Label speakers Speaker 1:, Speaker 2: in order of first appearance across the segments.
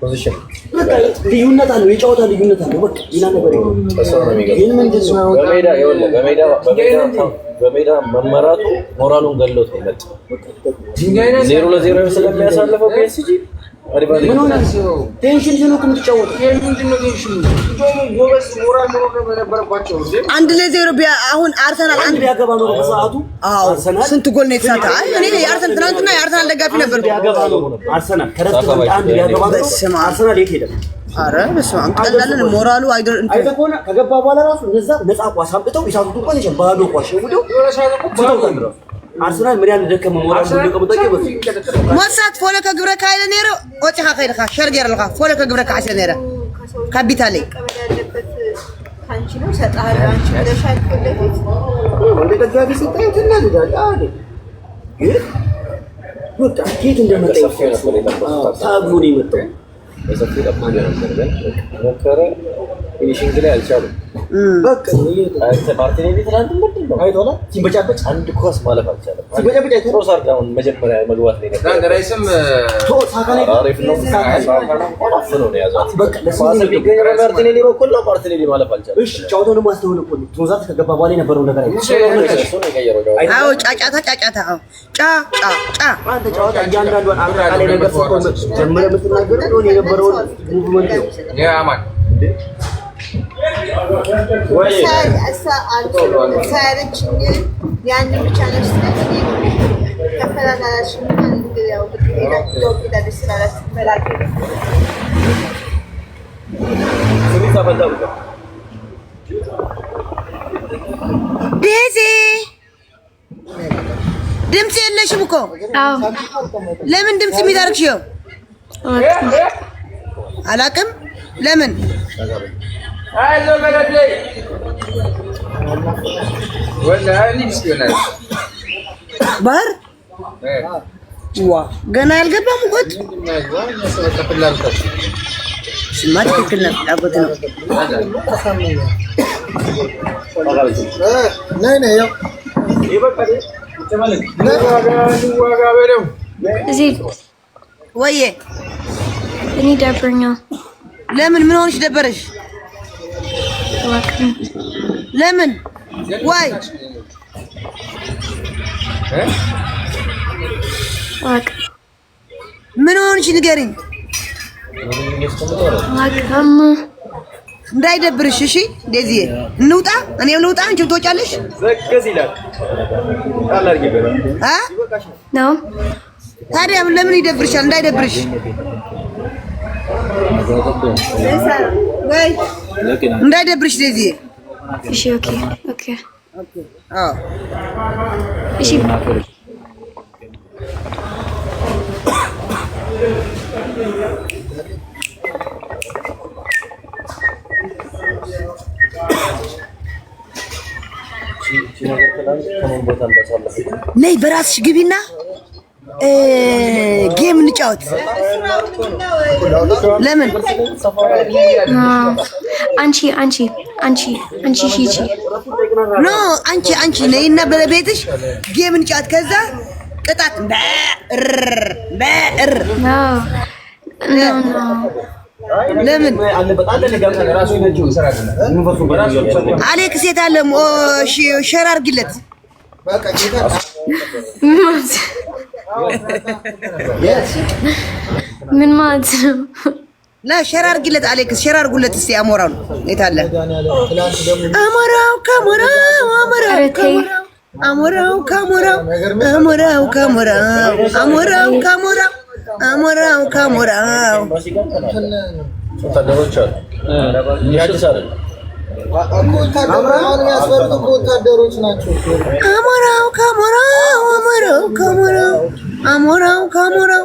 Speaker 1: ፖዚሽን
Speaker 2: ልዩነት አለው። የጨዋታ ልዩነት አለው። በቃ ሌላ
Speaker 1: ነገር በሜዳ መመራቱ ሞራሉን ገሎት ነው የመጣው ዜሮ ለዜሮ ስለሚያሳልፈው ፒኤስጂ ምን
Speaker 2: ሆነ? አንድ ለዜሮ አሁን አርሰናል
Speaker 1: አንድ ቢያገባ ነው በሰዓቱ።
Speaker 2: አዎ ስንት ጎል ነው የተሳተ? እኔ የአርሰናል ትናንትና የአርሰናል ደጋፊ ነበር።
Speaker 1: አርሰናል
Speaker 2: አረ በስመ አብ ቀላልን ሞራሉ አይደር
Speaker 1: ከገባ በኋላ ራሱ እነዛ ነፃ ኳስ አምጥተው የሳቱት ኳስ ባዶ ኳስ ነው አርሰናል ምን ያህል ደከመ ሞራል
Speaker 2: ፎለ ከግብረ ካይለ ነረ ወጪሃ ከይልካ ሸርግ ያርልካ ፎለ ከግብረ ካይለ ነረ ካፒታሌ
Speaker 1: ታግሎ ነው የመጣው። ፊኒሽንግ ላይ አልቻሉም። በቃ ሲንበጫበጭ አንድ ኳስ ማለፍ አልቻለም። መጀመሪያ መግባት ነው። ማለፍ
Speaker 2: አልቻለም። ከገባ በኋላ የነበረው ነገር ጫጫታ
Speaker 3: ሳያለችኝ ያን ብቻ
Speaker 2: ድምፅ የለሽም እኮ ለምን ድምፅ የሚጠርግሽ? አላቅም ለምን
Speaker 1: ባህር
Speaker 2: ዋ ገና ያልገባ ሙቀት ስማ፣ ትክክል ነው። ፍላጎት ነው። ወይዬ
Speaker 4: እኔ ደብረኛው።
Speaker 2: ለምን ምን ሆነሽ ደበረሽ? ለምን ወይ ምን ሆንሽ ንገሪኝ፣ እንዳይደብርሽ። እሺ እንደዚህ እንውጣ፣ እኔም ልውጣ፣ አንቺም ትወጫለሽ። ታዲያ ለምን ይደብርሻል? እንዳይደብርሽ
Speaker 1: እንዳይደብርሽ ደዚህ
Speaker 4: እሺ ኦኬ ኦኬ
Speaker 2: ኦኬ አዎ እሺ ነይ በራስሽ ግቢና ጌም እንጫወት። ለምን
Speaker 4: አንቺ አንቺ አንቺ አንቺ ሂጂ።
Speaker 2: ኖ አንቺ አንቺ ነይና በቤትሽ ጌምን ጫት ከዛ ቅጣት በእር በእር ለምን አሌክስ የት አለ? ሸር አድርጊለት
Speaker 4: ምን ማለት ነው?
Speaker 2: ና ሸር አድርጊለት፣ አሌክስ ሸር አድርጉለት እስቲ። አሞራው ነው የታለ አሞራው? ከሞራው አሞራው ከሞራው አሞራው ከሞራው አሞራው ከሞራው አሞራው ከሞራው አሞራው ከሞራው አሞራው ከሞራው
Speaker 1: አሞራው ከሞራው አሞራው
Speaker 2: ከሞራው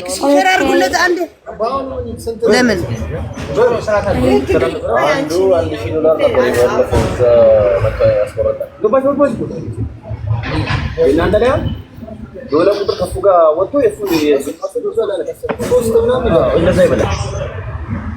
Speaker 2: ኤክስፒሪየንስ አድርጉለት። ለምን
Speaker 1: ዶላር ቁጥር ከሱ ጋር ወጥቶ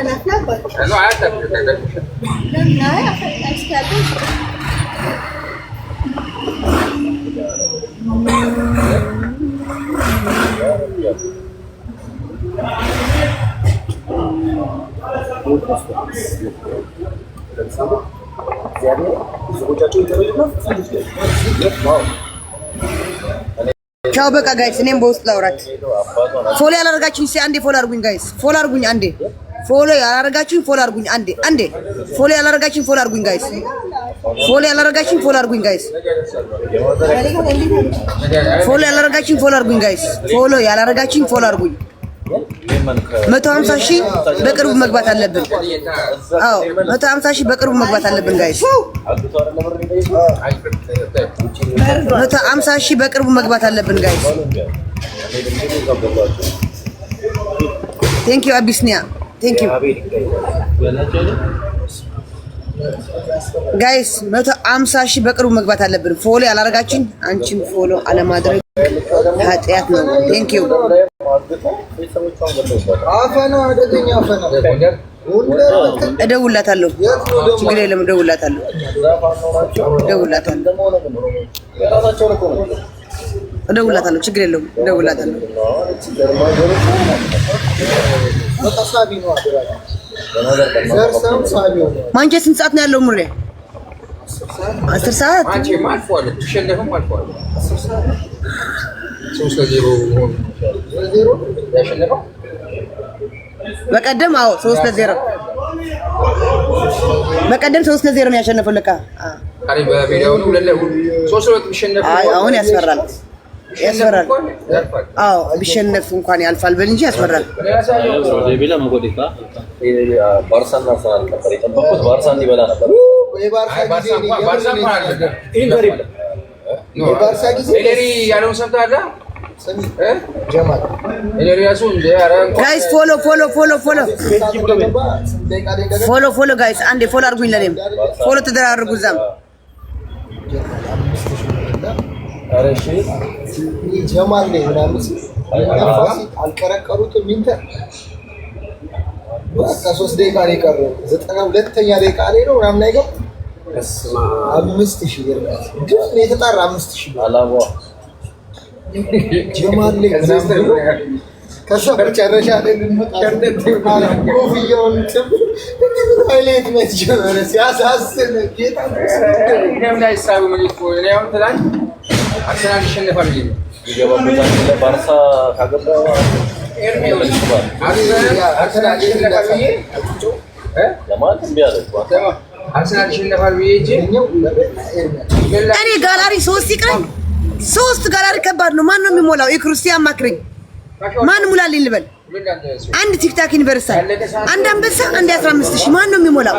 Speaker 4: ቻው
Speaker 2: በቃ ጋይስ፣ እኔም በውስጥ ላውራት። ፎሎ ያላደርጋችሁኝ አንዴ ፎሎ አድርጉኝ ጋይስ፣ ፎሎ አድርጉኝ አንዴ። ፎሎ ያላረጋችሁኝ ፎሎ አርጉኝ። አንዴ አንዴ ፎሎ ያላረጋችሁኝ ፎሎ አርጉኝ ጋይስ፣ ፎሎ ያላረጋችሁኝ ፎሎ አርጉኝ ጋይስ፣ ፎሎ ያላረጋችሁኝ ፎሎ አርጉኝ ጋይስ፣ ፎሎ ያላረጋችሁኝ ፎሎ አርጉኝ። መቶ ሀምሳ ሺህ በቅርቡ መግባት አለብን። አዎ መቶ ሀምሳ ሺህ በቅርቡ መግባት አለብን ጋይስ፣ መቶ ሀምሳ ሺህ በቅርቡ መግባት አለብን ጋይስ። ቴንክ ዩ አቢስኒያ ጋይስ መቶ አምሳ ሺህ በቅርቡ መግባት አለብን። ፎሎ ያላረጋችን አንቺን ፎሎ አለማድረግ ኃጢአት ነው። ቴንክ ዩ እደውላታለሁ። ችግር የለም። እደውላታለሁ እደውላታለሁ እደውልላታለሁ። ችግር የለውም። እደውልላታለሁ። ማንቼ ስንት ሰዓት ነው ያለው? ሙሬ አስር ሰዓት በቀደም አዎ፣ ሶስት ለዜሮ በቀደም ሶስት ለዜሮ ነው ያሸነፈው። ለካ አሁን ያስፈራል። ያስፈራል። አዎ ቢሸነፍ እንኳን ያልፋል በል እንጂ ያስፈራል። ጋይስ ፎሎ ፎሎ ፎሎ ፎሎ ፎሎ ፎሎ ጋይስ አንዴ ፎሎ አድርጉኝ። ለኔም ፎሎ ተደራርጉ እዛም
Speaker 1: ጀማል ነው ምናምን አልቀረቀሩትም። ኢንተር በቃ ሶስት ደቂቃ ነው የቀረው። ዘጠና ሁለተኛ ደቂቃ ላይ ነው ምናምን አይገባ አምስት ሺህ ግን የተጣራ አምስት ሺህ ጀማል ላይ መጨረሻ ኮፍያውን ሀይሌት መጀመረ ሲያሳስን ጌታ አርሰናል ይሸነፋል ብዬ ነው ይገባበታል። ባርሳ ካገባ እኔ ጋላሪ ሶስት ይቅረኝ፣ ሶስት ጋላሪ ከባድ ነው። ማን ነው የሚሞላው? የክርስቲያን ማክረኝ ማን ሙላልኝ ልበል? አንድ ቲክታክ ዩኒቨርሳል፣ አንድ አንበሳ፣ አንድ 15 ሺህ ማን ነው የሚሞላው?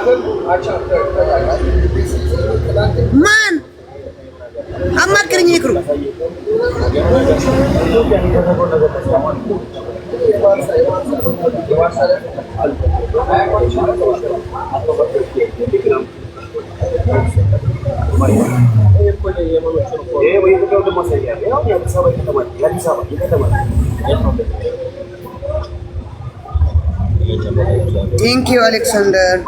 Speaker 1: ማን አማክርኝ ይክሩ ቴንኪዩ አሌክሳንደር